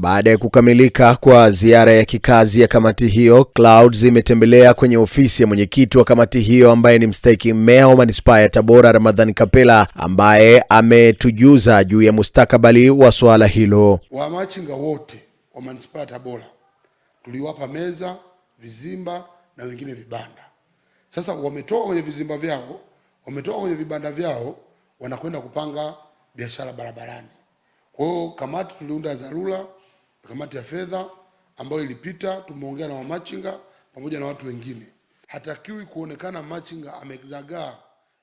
Baada ya kukamilika kwa ziara ya kikazi ya kamati hiyo, Clouds imetembelea kwenye ofisi ya mwenyekiti wa kamati hiyo ambaye ni mstahiki meya wa manispaa ya Tabora Ramadhani Kapela, ambaye ametujuza juu ya mustakabali wa suala hilo. Wamachinga wote wa manispaa ya Tabora tuliwapa meza, vizimba na wengine vibanda. Sasa wametoka kwenye vizimba vyao, wametoka kwenye vibanda vyao, wanakwenda kupanga biashara barabarani. Kwa hiyo kamati tuliunda dharura kamati ya fedha ambayo ilipita, tumeongea na wamachinga pamoja na watu wengine. Hatakiwi kuonekana machinga amezagaa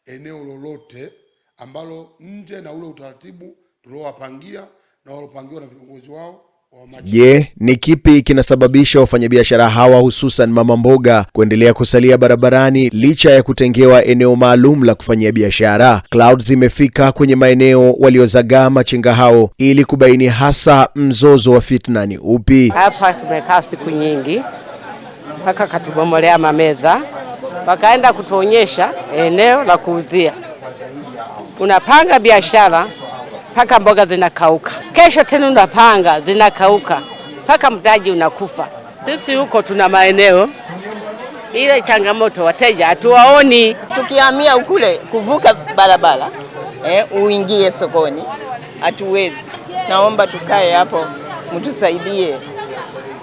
eneo lolote ambalo nje na ule utaratibu tuliowapangia na walopangiwa na viongozi wao Je, ni kipi kinasababisha wafanyabiashara hawa hususan mama mboga kuendelea kusalia barabarani licha ya kutengewa eneo maalum la kufanyia biashara? Clouds zimefika kwenye maeneo waliozagaa machinga hao ili kubaini hasa mzozo wa fitna ni upi. Hapa tumekaa siku nyingi, mpaka katubomolea mameza, wakaenda kutuonyesha eneo la kuuzia. Unapanga biashara mpaka mboga zinakauka, kesho tena unapanga zinakauka, mpaka mtaji unakufa. Sisi huko tuna maeneo ile changamoto, wateja hatuwaoni. Tukihamia ukule kuvuka barabara eh, uingie sokoni, hatuwezi. Naomba tukae hapo, mtusaidie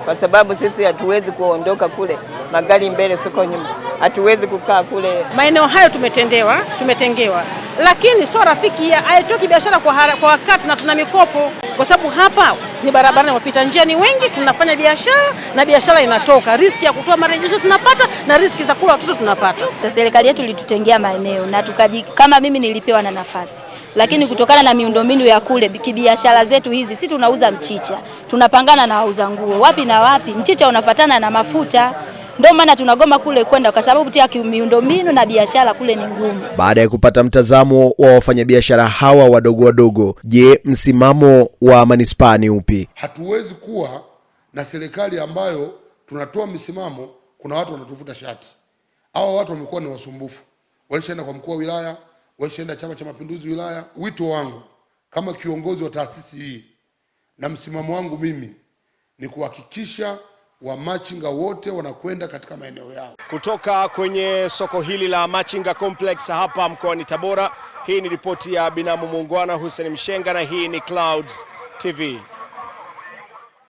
kwa sababu sisi hatuwezi kuondoka kule, magari mbele, soko nyuma, hatuwezi kukaa kule. Maeneo hayo tumetendewa, tumetengewa lakini sio rafiki ya aitoki biashara kwa, kwa wakati na tuna mikopo, kwa sababu hapa ni barabara wapita njia ni wengi, tunafanya biashara na biashara inatoka, riski ya kutoa marejesho tunapata na riski za kula watoto tunapata. Serikali yetu ilitutengea maeneo na tukaji, kama mimi nilipewa na nafasi lakini kutokana na miundombinu ya kule kibiashara zetu hizi, si tunauza mchicha, tunapangana na wauza nguo wapi na wapi, mchicha unafatana na mafuta ndio maana tunagoma kule kwenda kwa sababu tia miundombinu na biashara kule ni ngumu. Baada ya kupata mtazamo wa wafanyabiashara hawa wadogo wadogo, je, msimamo wa manispaa ni upi? Hatuwezi kuwa na serikali ambayo tunatoa msimamo, kuna watu wanatuvuta shati. Hawa watu wamekuwa ni wasumbufu, walishaenda kwa mkuu wa wilaya, walishaenda Chama cha Mapinduzi wilaya. Wito wangu kama kiongozi wa taasisi hii na msimamo wangu mimi ni kuhakikisha wamachinga wote wanakwenda katika maeneo yao. Kutoka kwenye soko hili la Machinga Complex hapa mkoani Tabora, hii ni ripoti ya binamu muungwana Hussein Mshenga na hii ni Clouds TV.